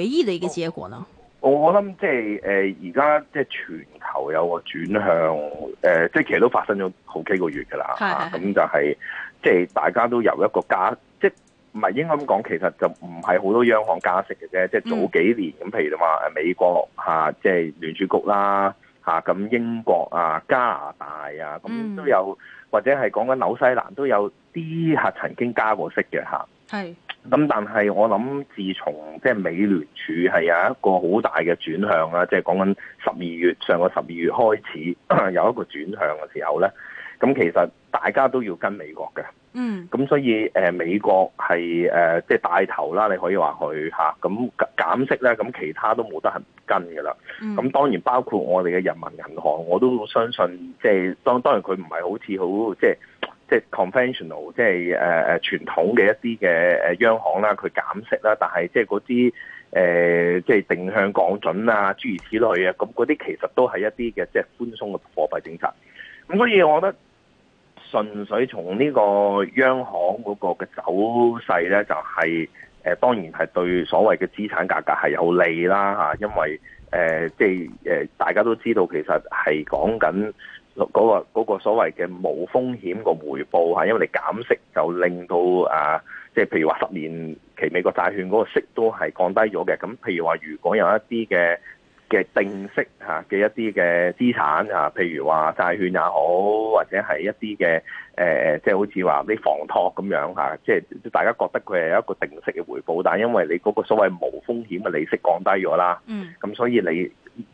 唯一的一個結果呢？我諗即係誒，而家即係全球有個轉向，誒、呃，即係其實都發生咗好幾個月噶啦。咁是、啊、就係即係大家都由一個加，即係唔係應該咁講，其實就唔係好多央行加息嘅啫。即係早幾年咁，譬、嗯、如話美國吓，即係聯儲局啦吓，咁、啊、英國啊、加拿大啊，咁都有、嗯、或者係講緊紐西蘭都有啲係曾經加過息嘅吓。係、啊。咁但係我諗，自從即係美聯儲係有一個好大嘅轉向啦，即係講緊十二月上個十二月開始 有一個轉向嘅時候咧，咁其實大家都要跟美國嘅，嗯，咁所以美國係即係帶頭啦，你可以話佢嚇咁減息咧，咁其他都冇得行跟㗎啦，咁、嗯、當然包括我哋嘅人民銀行，我都相信即係當當然佢唔係好似好即係。即係 conventional，即係誒誒傳統嘅一啲嘅誒央行啦，佢減息啦，但係即係嗰啲誒即係定向降準啊，諸如此類啊，咁嗰啲其實都係一啲嘅即係寬鬆嘅貨幣政策。咁所以我覺得，純粹從呢個央行嗰個嘅走勢咧，就係，就係誒當然係對所謂嘅資產價格係有利啦嚇，因為誒即係誒大家都知道其實係講緊。嗰個嗰個所謂嘅無風險個回報，因為你減息就令到啊，即係譬如話十年期美國債券嗰個息都係降低咗嘅。咁譬如話，如果有一啲嘅嘅定息嘅、啊、一啲嘅資產、啊、譬如話債券也好，或者係一啲嘅即係好似話啲房託咁樣即係、啊即係、大家覺得佢係一個定息嘅回報，但係因為你嗰個所謂無風險嘅利息降低咗啦，咁所以你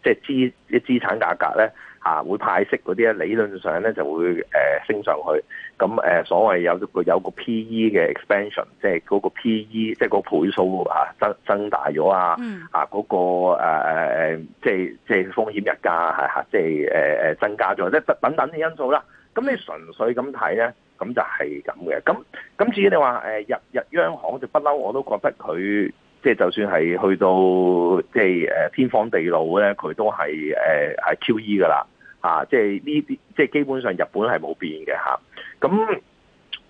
即係、即係、資啲資產價格咧。啊，會派息嗰啲咧，理論上咧就會誒、呃、升上去。咁誒、呃、所謂有個有個 P E 嘅 expansion，即係嗰個 P E，即係個倍數啊增增大咗、嗯、啊。啊、那、嗰個誒、呃、即係即係風險日價、啊、即係、呃、增加咗，即係等等嘅因素啦。咁你純粹咁睇咧，咁就係咁嘅。咁咁至於你話、呃、日本央行就不嬲，我都覺得佢即係就算係去到即係天荒地老咧，佢都係、呃、Q E 噶啦。啊，即係呢啲，即係基本上日本係冇變嘅嚇，咁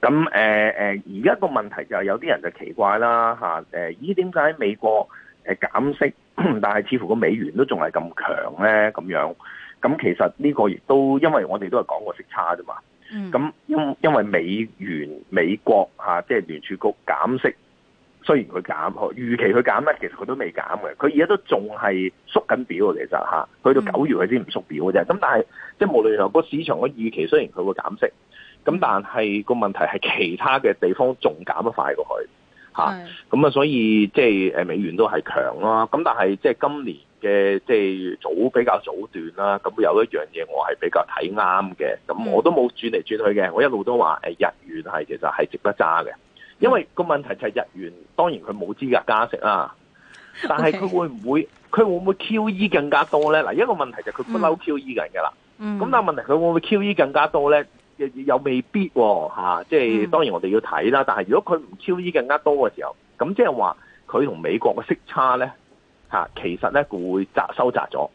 咁誒誒，而家個問題就係有啲人就奇怪啦嚇，誒，咦點解美國誒減息，但係似乎個美元都仲係咁強咧咁樣？咁其實呢個亦都因為我哋都係講過息差啫嘛，咁因、嗯、因為美元美國嚇，即、啊、係、就是、聯儲局減息。雖然佢減，預期佢減咧，其實佢都未減嘅。佢而家都仲係縮緊表嘅。其實吓，去到九月佢先唔縮表嘅啫。咁、嗯、但係即係無論個市場嘅預期，雖然佢會減息，咁但係個問題係其他嘅地方仲減得快過去吓。咁啊，所以即係誒美元都係強啦。咁但係即係今年嘅即係早比較早段啦，咁有一樣嘢我係比較睇啱嘅。咁、嗯、我都冇轉嚟轉去嘅，我一路都話誒日元係其實係值得揸嘅。因為個問題就係日元，當然佢冇資格加息啦，但係佢會唔會佢會唔會 QE 更加多咧？嗱，一個問題就係佢不嬲 QE 嘅㗎啦。咁、嗯、但係問題佢會唔會 QE 更加多咧？又未必吓，即、啊、係、就是、當然我哋要睇啦。但係如果佢唔 QE 更加多嘅時候，咁即係話佢同美國嘅息差咧吓、啊，其實咧佢會窄收窄咗。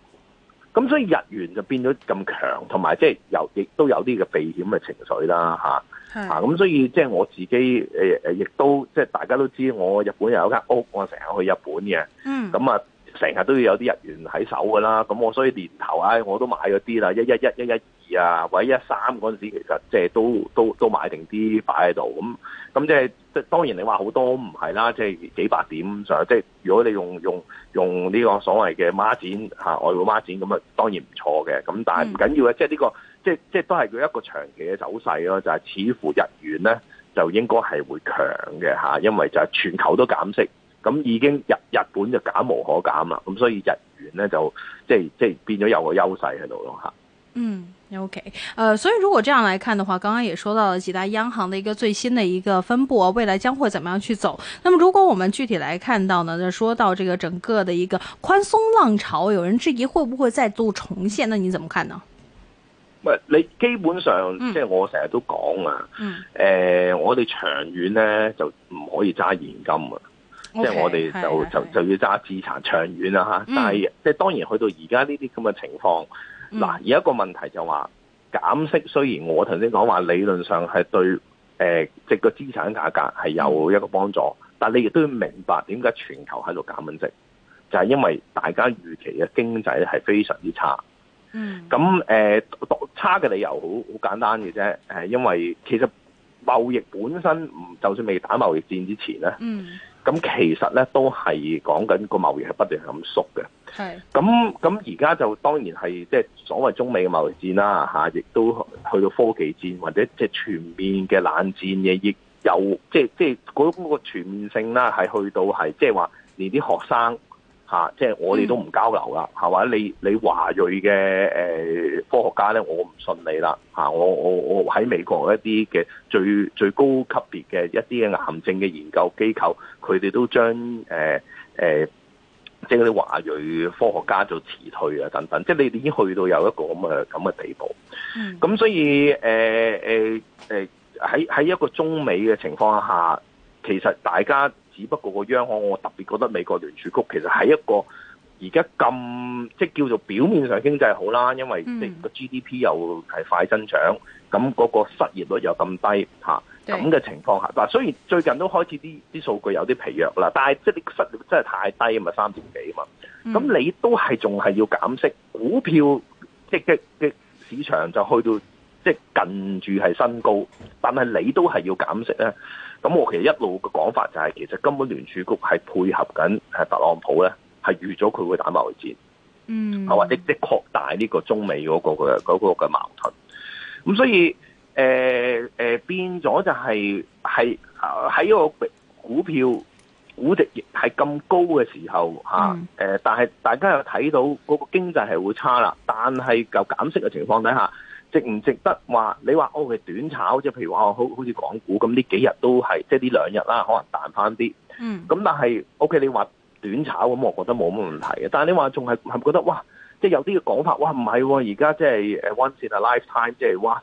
咁所以日元就變咗咁強，同埋即係又亦都有啲嘅避險嘅情緒啦吓，啊，咁所以即係我自己誒誒，亦都即係、就是、大家都知我日本又有間屋，我成日去日本嘅，咁啊，成日都要有啲日元喺手噶啦，咁我所以年頭啊、哎、我都買嗰啲啦，一一一一一。啊，或者一三嗰陣時候，其實即係都都都買定啲擺喺度咁，咁即係即係當然你話好多唔係啦，即係幾百點上，即係如果你用用用呢個所謂嘅孖展嚇外匯孖展咁啊，當然唔錯嘅，咁但係唔緊要嘅，即係呢個即係即係都係佢一個長期嘅走勢咯，就係似乎日元咧就應該係會強嘅嚇，因為就係全球都減息，咁已經日日本就減無可減啦，咁所以日元咧就即係即係變咗有個優勢喺度咯嚇。嗯。O、okay, K，呃，所以如果這樣來看的話，剛剛也說到了幾大央行的一個最新的一個分佈，未來將會怎麼樣去走？那麼如果我們具體來看到呢，就說到這個整個的一個寬鬆浪潮，有人質疑會不會再度重現，那你怎麼看呢？你基本上，即係我成日都講啊，誒、嗯呃，我哋長遠呢就唔可以揸現金啊，即係我哋就就就要揸資產長遠啊吓，但係即係當然去到而家呢啲咁嘅情況。嗱，有、嗯、一個問題就話減息，雖然我頭先講話理論上係對誒即個資產價格係有一個幫助，嗯、但你亦都要明白點解全球喺度減緊息，就係、係、因為大家預期嘅經濟係非常之差。嗯。咁誒、呃，差嘅理由好好簡單嘅啫，誒，因為其實貿易本身唔就算未打貿易戰之前咧，嗯。咁其實咧都係講緊個貿易係不斷係咁縮嘅。係，咁咁而家就當然係即係所謂中美嘅貿易戰啦，亦、啊、都去到科技戰或者即係全面嘅冷戰嘅，亦有即即嗰個全面性啦，係去到係即係話，即係、連啲學生即係、啊即係、我哋都唔交流啦，係、嗯啊、你你華裔嘅、呃、科學家咧，我唔信你啦，嚇、啊！我我我喺美國一啲嘅最最高級別嘅一啲嘅癌症嘅研究機構，佢哋都將誒、呃呃即係啲華裔科學家就辭退啊，等等，即係你已經去到有一個咁嘅咁嘅地步。嗯，咁所以誒誒誒喺喺一個中美嘅情況下，其實大家只不過個央行，我特別覺得美國聯儲局其實係一個而家咁即係叫做表面上經濟好啦，因為個 GDP 又係快增長，咁嗰個失業率又咁低吓。咁嘅情況下，嗱，雖然最近都開始啲啲數據有啲疲弱啦，但係即係你失業真係太低，咪三點幾啊嘛？咁你都係仲係要減息，股票即嘅市場就去到即係、就是、近住係新高，但係你都係要減息咧。咁我其實一路嘅講法就係、是，其實根本聯儲局係配合緊係特朗普咧，係預咗佢會打貿易戰，嗯，或或的擴大呢個中美嗰、那個嘅嗰、那個嘅矛盾，咁所以。誒誒、呃呃，變咗就係係喺個股票估值係咁高嘅時候吓誒、啊嗯，但係大家又睇到嗰個經濟係會差啦。但係就減息嘅情況底下，值唔值得話？你話哦，係短炒，即係譬如話好好似港股咁，呢幾日都係即係呢兩日啦，可能彈翻啲。嗯，咁但係 O K，你話短炒咁，我覺得冇乜問題嘅。但係你話仲係係咪覺得哇？即係有啲嘅講法，哇唔係而家即係誒，once in a lifetime，即係哇。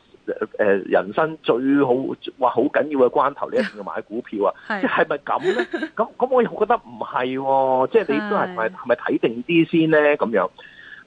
誒人生最好話好緊要嘅關頭，你一定要買股票啊！即係咪咁咧？咁咁 我又覺得唔係、哦，即、就、係、係、你都係係咪睇定啲先咧？咁樣，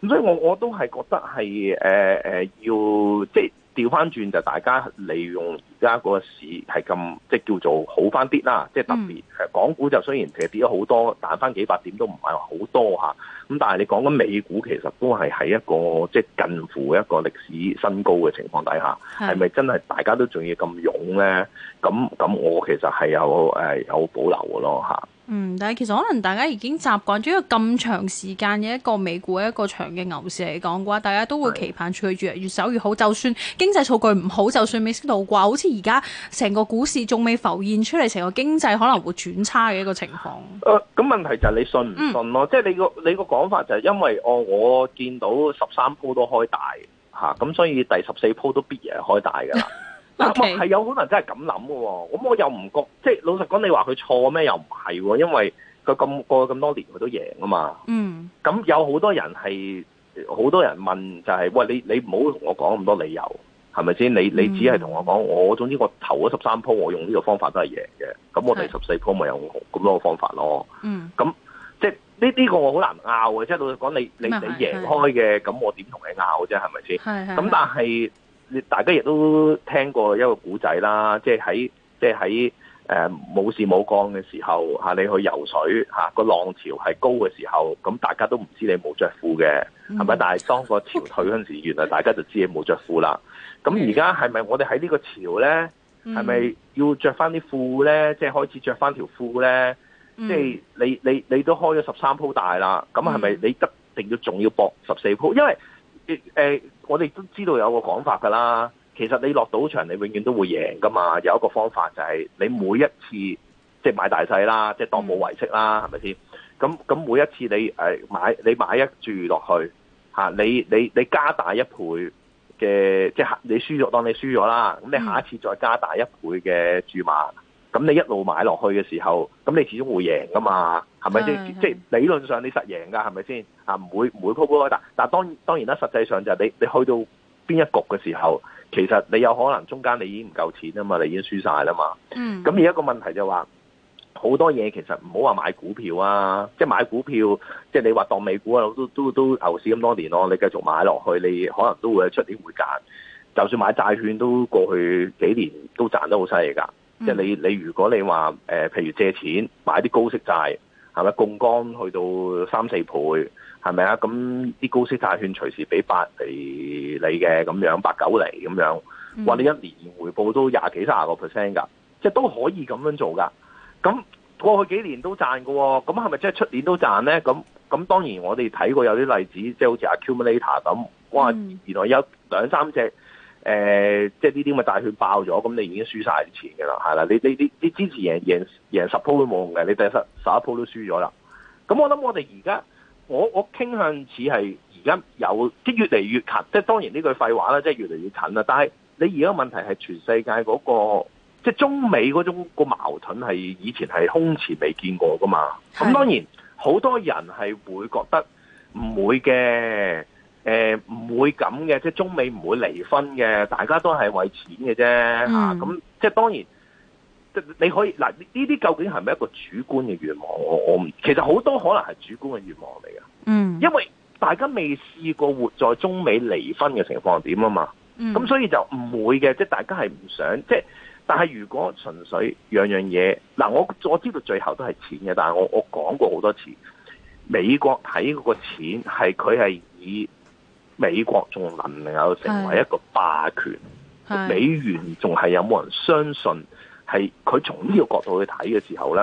咁所以我我都係覺得係誒誒要即係。調翻轉就大家利用而家嗰個市係咁，即係叫做好翻啲啦。即係特別，嗯、港股就雖然其實跌咗好多，但翻幾百點都唔係話好多嚇。咁但係你講緊美股，其實都係喺一個即係近乎一個歷史新高嘅情況底下，係咪真係大家都仲要咁勇咧？咁咁我其實係有誒有保留嘅咯嚇。嗯，但係其實可能大家已經習慣咗一個咁長時間嘅一個美股一個長嘅牛市嚟講嘅話，大家都會期盼住佢越走越、越好。的就算經濟數據唔好，就算未識到啩，好似而家成個股市仲未浮現出嚟，成個經濟可能會轉差嘅一個情況。誒、呃，咁問題就係你信唔信咯？嗯、即係你個你個講法就係因為我、哦、我見到十三鋪都開大嚇，咁、啊、所以第十四鋪都必然係開大㗎啦。 係 Okay.、嗯、有可能真係咁諗嘅，咁、嗯、我又唔覺，即係老實講，你話佢錯咩又唔係喎，因為佢咁過咁多年佢都贏啊嘛。嗯，咁有好多人係好多人問就係、是、喂，你你唔好同我講咁多理由係咪先？你你只係同我講，嗯、我總之我投咗十三鋪，我用呢個方法都係贏嘅。咁我第十四鋪咪用咁多個方法咯。嗯，咁即係呢呢個我好難拗嘅，即係、這個、老實講，你你你贏開嘅，咁我點同你拗啫？係咪先？係咁是、嗯、但係。你大家亦都聽過一個古仔啦，即係喺即係喺誒冇事冇幹嘅時候嚇，啊，你去游水嚇，個、啊、浪潮係高嘅時候，咁大家都唔知你冇着褲嘅，係咪、mm hmm.？但係當個潮退嗰陣時，Okay. 原來大家就知你冇着褲啦。咁而家係咪我哋喺呢個潮咧，係咪要着翻啲褲咧？即係、mm hmm. 即係、開始着翻條褲咧？即係、mm hmm. 你你你都開咗十三鋪大啦，咁係咪你得一定、mm hmm. 要仲要搏十四鋪？因為誒。欸欸我哋都知道有個講法㗎啦，其實你落賭場你永遠都會贏㗎嘛，有一個方法就係你每一次即係買大細啦，即係當冇遺積啦，係咪先？咁咁每一次你誒買你買一注落去吓，你你你加大一倍嘅即係你輸咗當你輸咗啦，咁你下一次再加大一倍嘅注碼。咁你一路買落去嘅時候，咁你始終會贏噶嘛？係咪先？是是即係理論上你實贏噶，係咪先？唔會唔會大鋪大鋪開打？但係當然然啦，實際上就你你去到邊一局嘅時候，其實你有可能中間你已經唔夠錢啊嘛，你已經輸晒啦嘛。咁而一個問題就話話，好多嘢其實唔好話買股票啊，即係買股票，即係你話當美股啊，都都都牛市咁多年咯，啊，你繼續買落去，你可能都會出啲回饋。就算買債券都過去幾年都賺得好犀利㗎。即、嗯、你你如果你話誒，譬如借錢買啲高息債，係咪槓桿去到三四倍，係咪啊？咁啲高息債券隨時俾八厘你嘅，咁樣八九厘咁樣，話你一年回報都廿幾三十個 percent 㗎，嗯、即係都可以咁樣做㗎。咁過去幾年都賺㗎喎、哦，咁係咪即係出年都賺咧？咁咁當然我哋睇過有啲例子，即係好似 accumulator 咁，哇！原來有兩三隻。誒、呃，即係呢啲咪大血爆咗，咁你已經輸晒啲錢㗎啦，係啦，你你你你之前贏贏贏十鋪都冇用嘅，你第十十一鋪都輸咗啦。咁我諗我哋而家，我我傾向似係而家有啲越嚟越近，即係當然呢句廢話啦，即係越嚟越近啦。但係你而家問題係全世界嗰個，即係中美嗰種個矛盾係以前係空前未見過噶嘛。咁當然好多人係會覺得唔會嘅。誒，唔、呃、會咁嘅，即係中美唔會離婚嘅，大家都係為錢嘅啫吓。咁、嗯啊、即係當然，你可以嗱呢啲究竟係咪一個主觀嘅願望？我我唔其實好多可能係主觀嘅願望嚟噶。嗯，因為大家未試過活在中美離婚嘅情況點啊嘛。咁、嗯、所以就唔會嘅，即係大家係唔想即係。但係如果純粹樣樣嘢嗱，我我知道最後都係錢嘅，但係我我講過好多次，美國睇嗰個錢係佢係以。美國仲能唔能夠成為一個霸權，美元仲係有冇人相信？係佢從呢個角度去睇嘅時候咧，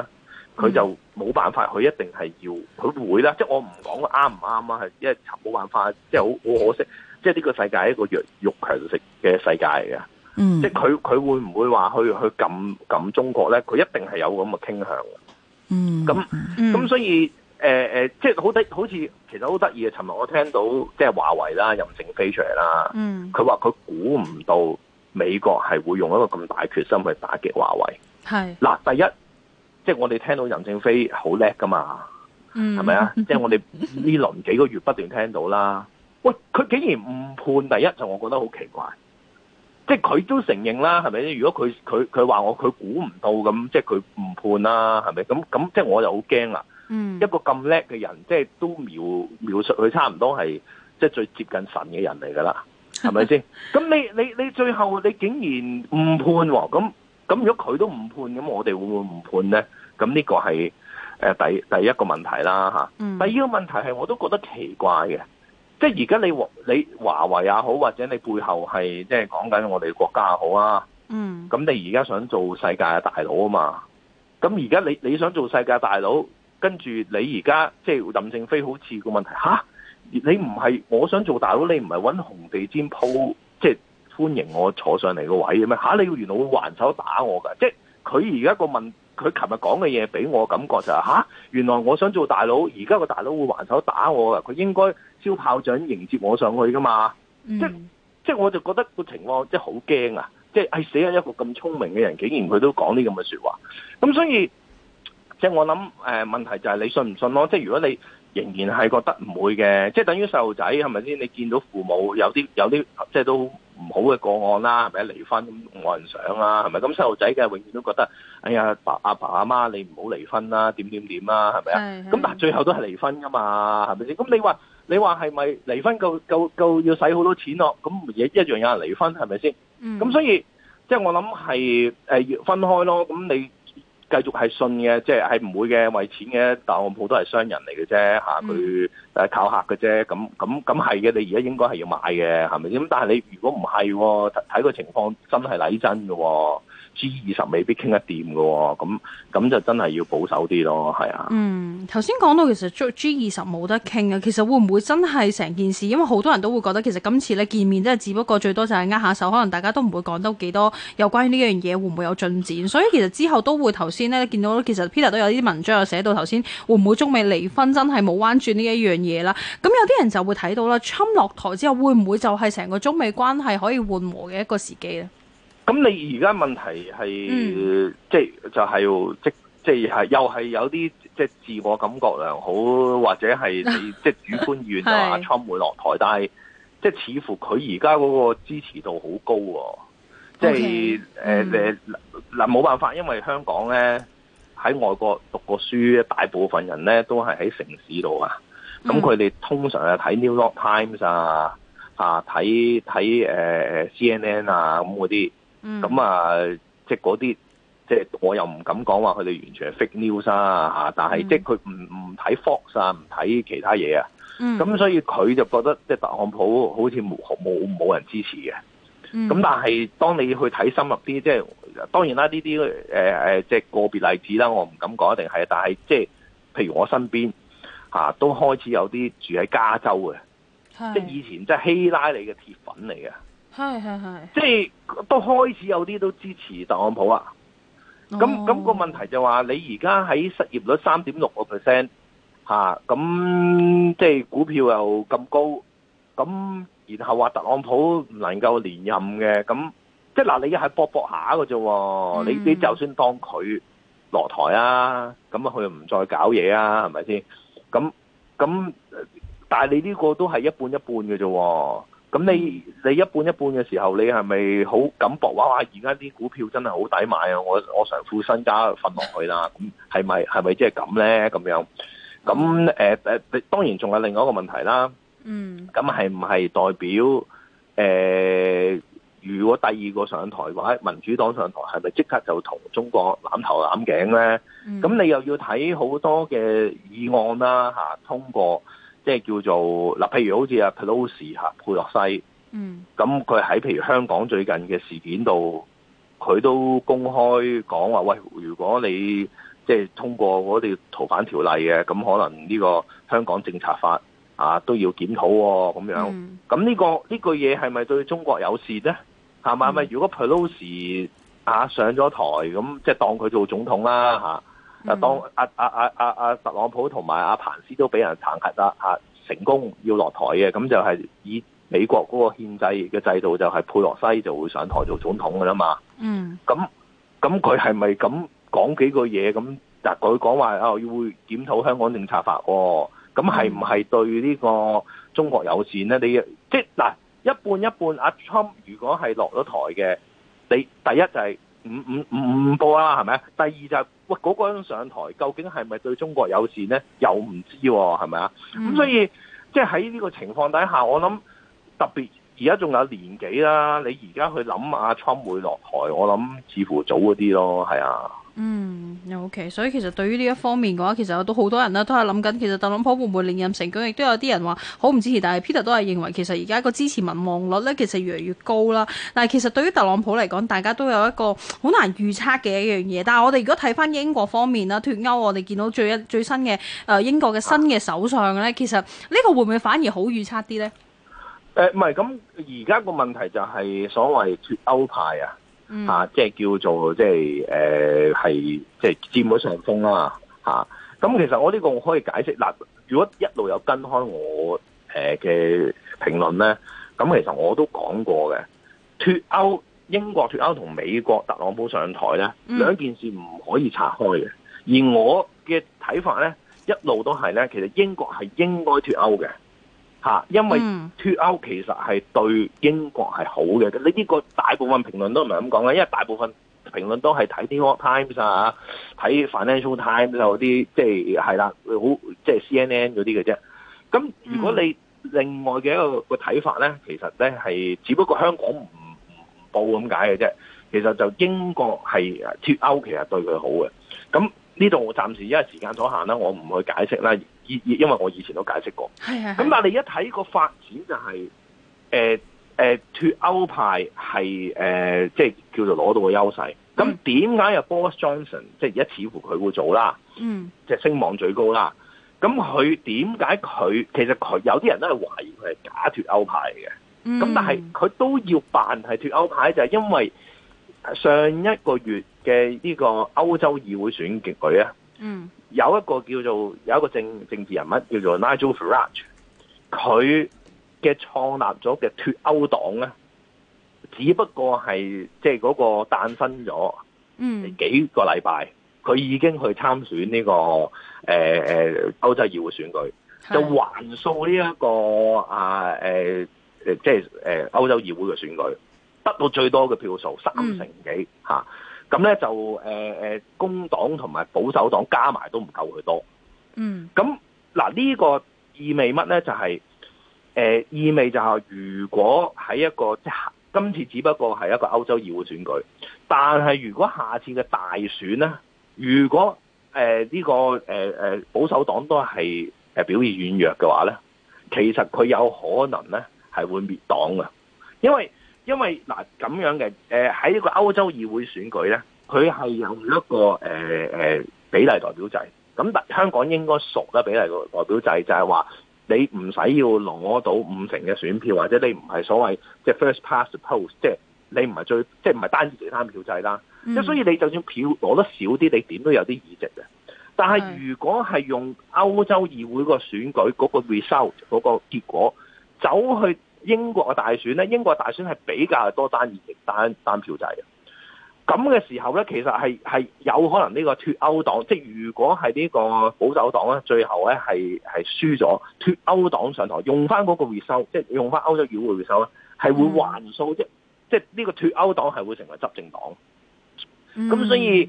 佢、嗯、就冇辦法，佢一定係要佢會啦。即係我唔講佢啱唔啱啊，係因為冇辦法，即係好好可惜。即係呢個世界係一個弱肉強食嘅世界嚟嘅，嗯、即係佢佢會唔會話去去撳撳中國咧？佢一定係有咁嘅傾向嘅。嗯，咁咁那、嗯、所以。誒誒、欸欸，即係好得，好似其實好得意嘅。尋日我聽到即係華為啦，任正非出嚟啦，嗯，佢話佢估唔到美國係會用一個咁大決心去打擊華為。係嗱是，第一，即係我哋聽到任正非好叻噶嘛，嗯，係咪啊？即係 我哋呢輪幾個月不斷聽到啦。喂，佢竟然誤判，第一就我覺得好奇怪。即係佢都承認啦，係咪？如果佢佢佢話我佢估唔到咁，即係佢誤判啦，係咪？咁咁，那即係我就好驚啊！嗯，一個咁叻嘅人，即係都描描述佢差唔多係即係最接近神嘅人嚟噶啦，係咪先？咁 你你你最後你竟然誤判喎？咁咁如果佢都誤判，咁我哋會唔會誤判咧？咁呢個係誒第第一個問題啦，吓、嗯。第二個問題係我都覺得奇怪嘅，即係而家你華你華為也好，或者你背後係即係講緊我哋國家又好啊，嗯。咁你而家想做世界嘅大佬啊嘛？咁而家你你想做世界嘅大佬？跟住你而家即係任正非好似個問題吓、啊，你唔係我想做大佬，你唔係搵紅地氈鋪，即、就、係、是、歡迎我坐上嚟個位咩？吓、啊，你原來會還手打我噶？即係佢而家個問，佢琴日講嘅嘢，俾我感覺就係、是、吓、啊，原來我想做大佬，而家個大佬會還手打我噶？佢應該燒炮仗迎接我上去噶嘛？嗯、即係即係我就覺得個情況即係好驚啊！即係係、哎、死喺一個咁聰明嘅人，竟然佢都講啲咁嘅說話。咁所以。即係我諗，誒，問題就係你信唔信咯？即係如果你仍然係覺得唔會嘅，即係等於細路仔係咪先？你見到父母有啲有啲即係都唔好嘅個案啦，係咪？離婚咁，無人想啦，係咪？咁細路仔嘅永遠都覺得，哎呀，爸阿爸阿媽，你唔好離婚啦，點點點啦，係咪啊？咁是但係最後都係離婚噶嘛，係咪先？咁你話你話係咪離婚夠夠夠要使好多錢咯、啊？咁一樣有人離婚，係咪先？咁、嗯、所以即係我諗係誒分開咯，咁你。繼續係信嘅，即係係唔會嘅為錢嘅，但係我哋都係商人嚟嘅啫嚇，佢、啊、誒靠客嘅啫，咁咁咁係嘅，你而家應該係要買嘅，係咪先？但係你如果唔係、哦，睇個情況真係睇真嘅、哦。G 二十未必傾得掂㗎喎，咁咁就真係要保守啲咯，係啊。嗯，頭先講到其實 G 二十冇得傾啊，其實會唔會真係成件事？因為好多人都會覺得其實今次咧見面真係只不過最多就係握下手，可能大家都唔會講得幾多有關於呢樣嘢，會唔會有進展？所以其實之後都會頭先咧見到其實 Peter 都有啲文章又寫到頭先會唔會中美離婚真係冇彎轉呢一樣嘢啦？咁有啲人就會睇到啦，侵落台之後會唔會就係成個中美關係可以緩和嘅一個時機咧？咁你而家問題係、嗯就是，即係就係即即係又係有啲即係自我感覺良好，或者係 即係主觀願阿 Trump 會落台，是但係即係似乎佢而家嗰個支持度好高、哦，即係誒誒嗱冇辦法，因為香港咧喺外國讀過書，大部分人咧都係喺城市度啊，咁佢哋通常係睇 New York Times 啊啊睇睇 C N N 啊咁嗰啲。咁、嗯就是就是、啊，嗯、即係嗰啲，即係我又唔敢講話佢哋完全係 fake news 啊嚇，但係即係佢唔唔睇 Fox 啊，唔睇其他嘢啊，咁、嗯、所以佢就覺得即係特朗普好似冇冇冇人支持嘅。咁、嗯、但係當你去睇深入啲，即係當然啦，呢啲、呃、即係個別例子啦，我唔敢講一定係，但係即係譬如我身邊、嚇、都開始有啲住喺加州嘅，的即係以前即係希拉里嘅鐵粉嚟嘅。係係係， 即係都開始有啲都支持特朗普啊！咁咁、哦，個問題就話你而家喺失業率三點六個 percent 嚇，咁、啊、即係股票又咁高，咁然後話特朗普唔能夠連任嘅，咁即係嗱，你一係搏搏下㗎啫，你你就算當佢落台啊，咁啊佢唔再搞嘢啊，係咪先？咁咁，但係你呢個都係一半一半嘅啫、啊。咁你你一半一半嘅時候，你係咪好敢搏？話哇！而家啲股票真係好抵買啊！我我成副身家瞓落去啦。咁係咪係咪即係咁咧？咁樣咁誒誒，當然仲有另外一個問題啦。嗯。咁係唔係代表誒？如果第二個上台或者民主黨上台係咪即刻就同中國攬頭攬頸咧？咁你又要睇好多嘅議案啦，吓通過。即係叫做嗱，譬如好似阿佩洛西，洛西嗯，咁佢喺譬如香港最近嘅事件度，佢都公開講話喂，如果你即係通過我哋逃犯條例嘅，咁可能呢個香港政策法啊都要檢討喎、哦，咁樣，咁呢、嗯呢個呢句嘢係咪對中國有事咧？係咪？係咪、嗯？如果佩洛西吓啊上咗台，咁即係當佢做總統啦，嚇、嗯。嗯、當啊！當阿阿阿阿阿特朗普同埋阿彭斯都俾人彈劾啊！啊，成功要落台嘅，咁就係以美國嗰個憲制嘅制度就係佩洛西就會上台做總統噶啦嘛。嗯。咁咁佢係咪咁講幾個嘢咁？嗱，佢講話啊，要檢討香港《政策法》。咁係唔係對呢個中國友善咧？你即嗱、就是、一半一半。阿、啊、Trump 如果係落咗台嘅，你第一就係五五五五波啦，係咪？第二就係。喂，嗰個人上台究竟係咪對中國友善呢？又唔知喎，哦，係咪啊？咁、嗯、所以即係喺呢個情況底下，我諗特別。而家仲有年紀啦，你而家去諗阿 Trump 會落台，我諗似乎早啲咯，係啊。嗯，OK，所以其實對於呢一方面嘅話，其實我都好多人咧都係諗緊，其實特朗普會唔會連任成功？亦都有啲人話好唔支持，但係 Peter 都係認為其實而家個支持民望率咧其實越嚟越高啦。但係其實對於特朗普嚟講，大家都有一個好難預測嘅一樣嘢。但係我哋如果睇翻英國方面啦，脫歐我哋見到最最新嘅誒、呃、英國嘅新嘅首相咧，其實呢個會唔會反而好預測啲咧？誒，唔係、呃，咁而家個問題就係所謂脱歐派啊，即係、嗯啊即係、叫做即係誒，係即係佔咗上風啦、啊，吓、啊。咁其實我呢個我可以解釋，嗱、呃，如果一路有跟開我誒嘅評論咧，咁、呃、其實我都講過嘅，脱歐，英國脱歐同美國特朗普上台咧，兩件事唔可以拆開嘅。嗯、而我嘅睇法咧，一路都係咧，其實英國係應該脱歐嘅。啊，因為脱歐其實係對英國係好嘅。你呢、嗯、個大部分評論都唔係咁講啦，因為大部分評論都係睇 New York Times 啊，睇 Financial Times 有啲即係係啦，好即係 CNN 嗰啲嘅啫。咁如果你另外嘅一個個睇法咧，嗯、其實咧係只不過香港唔唔報咁解嘅啫，其實就英國係脱歐其實對佢好嘅。咁呢度我暫時因為時間所限啦，我唔去解釋啦。因為我以前都解釋過。咁係係係。但係你一睇個發展就係、是，誒誒脱歐派係誒即係叫做攞到個優勢。咁點解阿 Boris Johnson 即係而家似乎佢會做啦？嗯。即係聲望最高啦。咁佢點解佢其實佢有啲人都係懷疑佢係假脱歐派嘅。咁、嗯、但係佢都要扮係脱歐派，就係因為。上一個月嘅呢個歐洲議會選舉啊，嗯，有一個叫做有一個政政治人物叫做 Nigel Farage，佢嘅創立咗嘅脫歐黨咧，只不過係即係嗰個誕生咗，嗯，幾個禮拜佢已經去參選呢個誒誒歐洲議會選舉，就橫掃呢一個啊誒誒即係誒歐洲議會嘅選舉。得到最多嘅票數三成幾吓，咁咧、嗯啊、就誒誒、呃、工黨同埋保守黨加埋都唔夠佢多。嗯那，咁嗱呢個意味乜咧？就係、是、誒、呃、意味就係如果喺一個即係今次只不過係一個歐洲議會選舉，但係如果下次嘅大選咧，如果誒呢、呃這個誒誒、呃、保守黨都係誒表現軟弱嘅話咧，其實佢有可能咧係會滅黨㗎，因為。因為嗱咁樣嘅喺呢個歐洲議會選舉咧，佢係有一個誒、呃、比例代表制。咁香港應該熟啦，比例代表制，就係、係、話你唔使要攞到五成嘅選票，或者你唔係所謂即係 first past the post，即係你唔係最即係唔係單選三票制啦。即、嗯、所以你就算票攞得少啲，你點都有啲議席嘅。但係如果係用歐洲議會個選舉嗰、嗰個 result 嗰個結果走去英國嘅大選咧，英國大選係比較多單議席單，單票制嘅。咁嘅時候咧，其實係係有可能呢個脱歐黨，即係如果係呢個保守黨咧，最後咧係係輸咗，脱歐黨上台，用翻嗰個 result，回收，即係用翻歐洲議會回收咧，係會還數、mm. 即係呢個脱歐黨係會成為執政黨。咁所以、mm.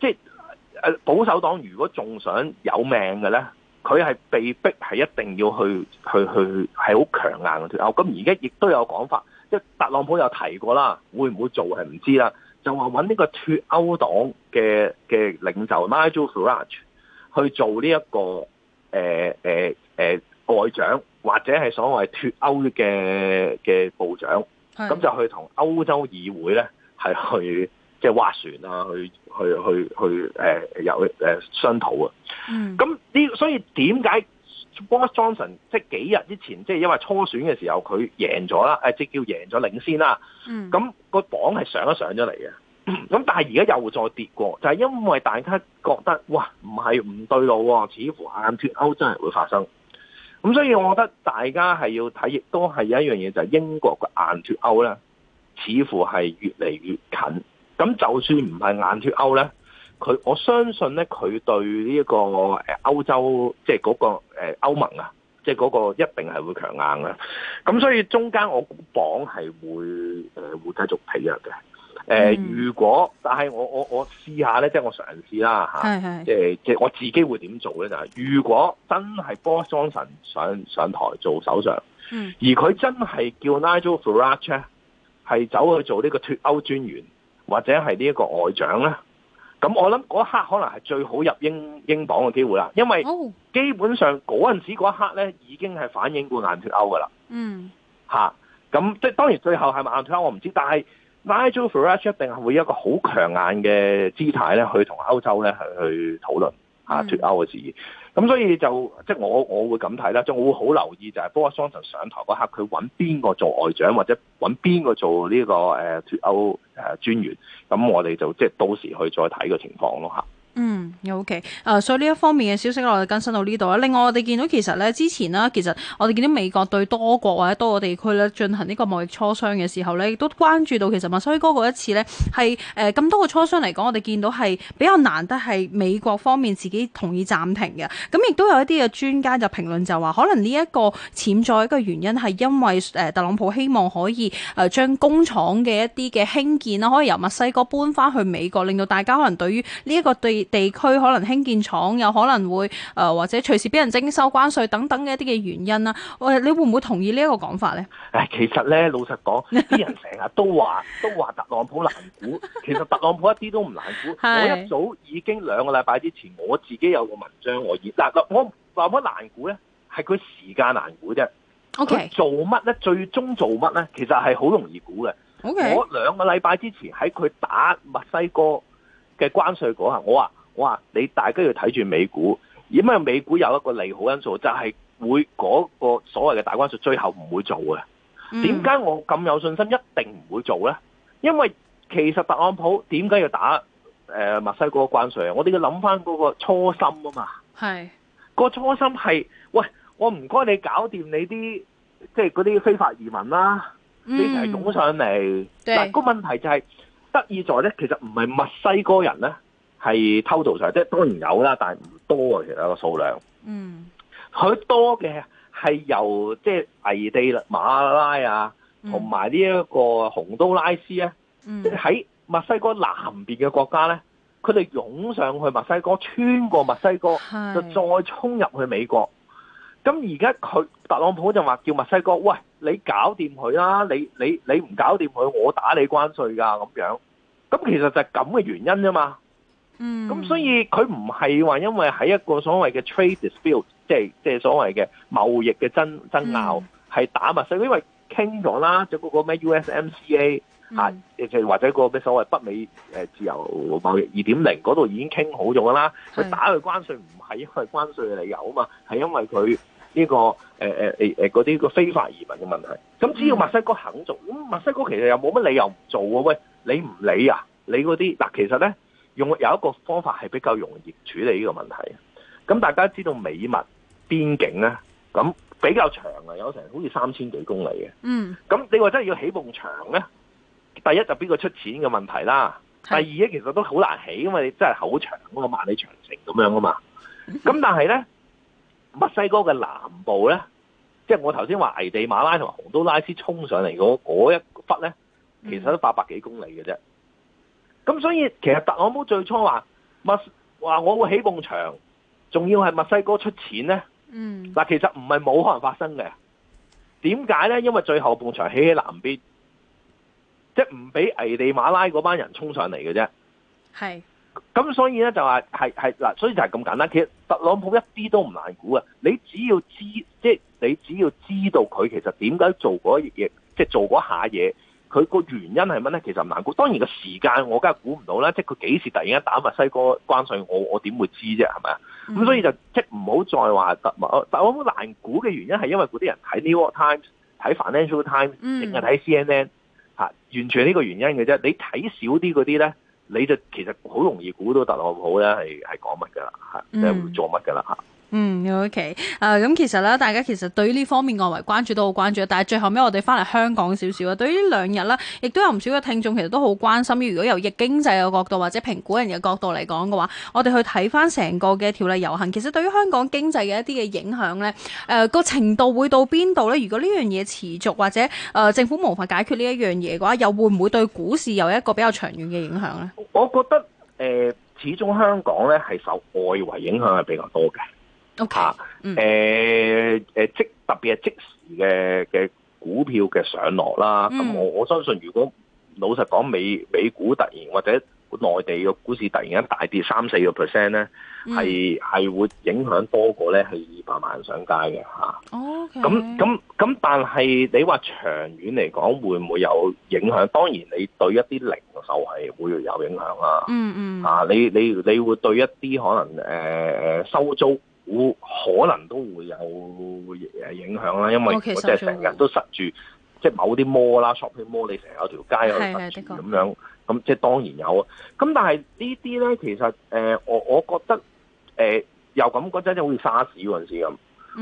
即係保守黨，如果仲想有命嘅咧？佢係被逼係一定要去去去係好強硬嘅脱歐，咁而家亦都有講法，即係特朗普有提過啦，會唔會做係唔知啦，就話搵呢個脱歐黨嘅嘅領袖 Nigel Farage 去做呢、這、一個誒誒、呃呃呃、外長或者係所謂脱歐嘅嘅部長，咁是的 就去同歐洲議會咧係去。即係劃船啊！去去去去誒有誒商討啊！咁呢，所以點解 Johnson 即係幾日之前，即係因為初選嘅時候佢贏咗啦，誒、呃、即叫贏咗領先啦。咁個榜係上一上咗嚟嘅，咁但係而家又再跌過，就係、是、因為大家覺得哇，唔係唔對路啊，似乎硬脱歐真係會發生。咁所以，我覺得大家係要睇，亦都係有一樣嘢就係、是、英國嘅硬脱歐咧，似乎係越嚟越近。咁就算唔係硬脱歐咧，佢我相信咧，佢對呢一個誒歐洲，即係嗰個誒歐盟啊，即係嗰個一定係會強硬啦。咁所以中間我估榜係會誒、呃、會繼續疲弱嘅。誒、呃、如果但係我我我試下咧，即、就、係、是、我嘗試啦吓，即係即係我自己會點做咧，就係如果真係 Boris Johnson 上上台做首相，是是是而佢真係叫 Nigel Farage 係走去做呢個脱歐專員。或者係呢一個外長咧，咁我諗嗰刻可能係最好入英英鎊嘅機會啦，因為基本上嗰陣時嗰一刻咧已經係反映過硬脫歐㗎啦。嗯，咁即、啊、當然最後係咪硬脫歐我唔知，但係 Nigel Farage 一定係會一個好強硬嘅姿態咧去同歐洲咧去去討論吓脫歐嘅事。嗯。咁所以就即係我我會咁睇啦，即係我會好留意就係波 o 桑 i 上台嗰刻，佢揾邊個做外長，或者揾邊個做呢個誒脫歐誒專員，咁我哋就即係到時去再睇個情況咯吓。嗯，OK，誒，所以呢一方面嘅消息，我哋更新到呢度啦。另外，我哋見到其實咧，之前咧，其實我哋見到美國對多國或者多個地區咧進行呢個貿易磋商嘅時候咧，亦都關注到其實墨西哥嗰一次咧，係誒咁多個磋商嚟講，我哋見到係比較難得係美國方面自己同意暫停嘅。咁亦都有一啲嘅專家就評論就話，可能呢一個潛在一個原因係因為誒、呃、特朗普希望可以誒將、呃、工廠嘅一啲嘅興建啦，可以由墨西哥搬翻去美國，令到大家可能對於呢一個對。地區可能興建廠，有可能會誒、呃、或者隨時俾人徵收關稅等等嘅一啲嘅原因啦、啊。你會唔會同意這呢一個講法咧？誒，其實咧老實講，啲 人成日都話都話特朗普難估， 其實特朗普一啲都唔難估。的我一早已經兩個禮拜之前我自己有個文章我已嗱嗱，我話乜難估咧？係佢時間難估啫。O Okay K，做乜咧？最終做乜咧？其實係好容易估嘅。O Okay K，我兩個禮拜之前喺佢打墨西哥。嘅關稅嗰下，我話我話你大家要睇住美股，因為美股有一個利好因素，就係、是、會嗰個所謂嘅大關稅最後唔會做嘅。點解、嗯、我咁有信心一定唔會做咧？因為其實特朗普點解要打誒、呃、墨西哥的關稅啊？我哋要諗返嗰個初心啊嘛。係是個初心係喂，我唔該你搞掂你啲即係啲非法移民啦，你係湧上嚟嗱，個問題就係、是。得意在咧，其實唔係墨西哥人咧，係偷渡上，即係當然有啦，但係唔多啊，其實個數量。嗯，佢多嘅係由即係危地馬拉啊，同埋呢一個洪都拉斯啊，嗯、即係喺墨西哥南邊嘅國家咧，佢哋湧上去墨西哥，穿過墨西哥，的就再衝入去美國。咁而家佢特朗普就話叫墨西哥，喂，你搞掂佢啦，你你你唔搞掂佢，我打你關稅㗎，咁樣。咁其實就係咁嘅原因啫嘛。嗯。咁所以佢唔係話因為喺一個所謂嘅 trade dispute，即係即係所謂嘅貿易嘅爭爭拗，係、嗯、打墨西哥，因為傾咗啦，就、那、嗰個咩 USMCA、嗯、或者個咩所謂北美誒自由貿易二點零嗰度已經傾好咗㗎啦。佢是打佢關稅唔係因為關稅嘅理由啊嘛，係因為佢。呢、這個誒誒誒誒啲個非法移民嘅問題，咁只要墨西哥肯做，咁墨西哥其實又冇乜理由唔做喎、啊。喂，你唔理啊？你嗰啲嗱，其實咧用有一個方法係比較容易處理呢個問題。咁大家知道美墨邊、邊境咧，咁比較長啊，有成好似三千幾公里嘅。嗯。咁你話真係要起埲牆咧？第一就邊個出錢嘅問題啦。是的 第二咧，其實都好難起，因為真你真係好長，嗰個萬里長城咁樣啊嘛。咁但係咧。 墨西哥嘅南部咧，即係我頭先話危地馬拉同埋洪都拉斯衝上嚟嗰一忽咧，其實都八百幾公里嘅啫。咁所以其實特朗普最初話，墨話我會起埲牆，仲要係墨西哥出錢咧。嗯。嗱，其實唔係冇可能發生嘅。點解咧？因為最後埲牆起喺南邊，即係唔俾危地馬拉嗰班人衝上嚟嘅啫。係。咁所以咧就話係係嗱，所以就係咁簡單。其實特朗普一啲都唔難估啊！你只要知，即係你只要知道佢其實點解做嗰嘢，即係做嗰下嘢，佢個原因係乜咧？其實唔難估。當然個時間我梗係估唔到啦，即係佢幾時突然間打墨西哥關稅，我我點會知啫？係咪啊？咁、mm. 所以就即係唔好再話特朗特朗普難估嘅原因係因為嗰啲人睇 New York Times、睇 Financial Times，淨係睇 CNN 吓，完全係呢個原因嘅啫。你睇少啲嗰啲咧。你就其實好容易估到特朗普咧，係係講乜㗎啦，係即係會做乜㗎啦嚇。嗯嗯，OK。咁、okay, 啊、其實咧，大家其實對於呢方面外圍關注都好關注。但係最後尾我哋翻嚟香港少少啊。對於呢兩日啦亦都有唔少嘅聽眾其實都好關心。如果由疫經濟嘅角度或者評估人嘅角度嚟講嘅話，我哋去睇翻成個嘅條例遊行，其實對於香港經濟嘅一啲嘅影響咧，誒、呃、個程度會到邊度咧？如果呢樣嘢持續或者誒、呃、政府無法解決呢一樣嘢嘅話，又會唔會對股市有一個比較長遠嘅影響咧？我覺得誒、呃，始終香港咧係受外圍影響係比較多嘅。吓，誒誒、okay, 嗯啊呃，即特別係即時嘅嘅股票嘅上落啦。咁、嗯、我我相信，如果老實講，美美股突然或者內地嘅股市突然間大跌三四個 percent 咧，係係、嗯、會影響多過咧係二百萬上街嘅吓。哦 okay,、啊，咁咁咁，但係你話長遠嚟講會唔會有影響？當然，你對一啲零售係會有影響啦。嗯嗯，嗯啊、你你你會對一啲可能誒、呃、收租？會可能都會有誒影響啦，因為我即係成日都塞住，實即係某啲摩啦、shopping 摩的，你成日有條街有塞住咁的樣，咁即係當然有。啊。咁但係呢啲咧，其實誒、呃，我我覺得誒、呃，又咁嗰陣就好似沙士嗰陣時咁，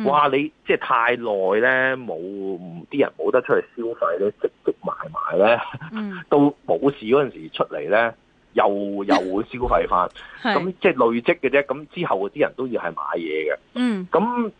哇！嗯、你即係太耐咧，冇唔啲人冇得出嚟消費咧，積積埋埋咧，嗯、到冇事嗰陣時出嚟咧。又又會消費返，咁是即係累積嘅啫。咁之後嗰啲人都要係買嘢嘅。嗯。咁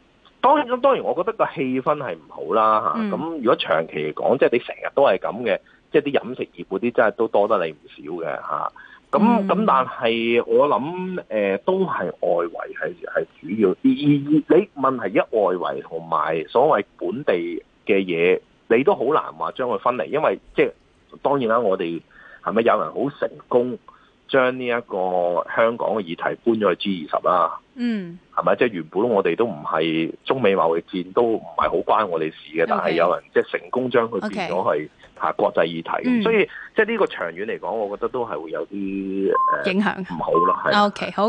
當然當然，我覺得個氣氛係唔好啦吓。咁、嗯、如果長期嚟講，即、就、係、是、你成日都係咁嘅，即係啲飲食業嗰啲真係都多得你唔少嘅吓。咁咁、嗯，但係我諗誒、呃、都係外圍係係主要。而你問係一外圍同埋所謂本地嘅嘢，你都好難話將佢分離，因為即係當然啦、啊，我哋。係咪有人好成功將呢一個香港嘅議題搬咗去 G 二十啦？嗯，係咪即係原本我哋都唔係中美貿易戰都唔係好關我哋事嘅，okay，但係有人即係成功將佢變咗係個國際議題，okay，所以、嗯、即係呢個長遠嚟講，我覺得都係會有啲誒、呃、影響唔好咯。係。OK，okay.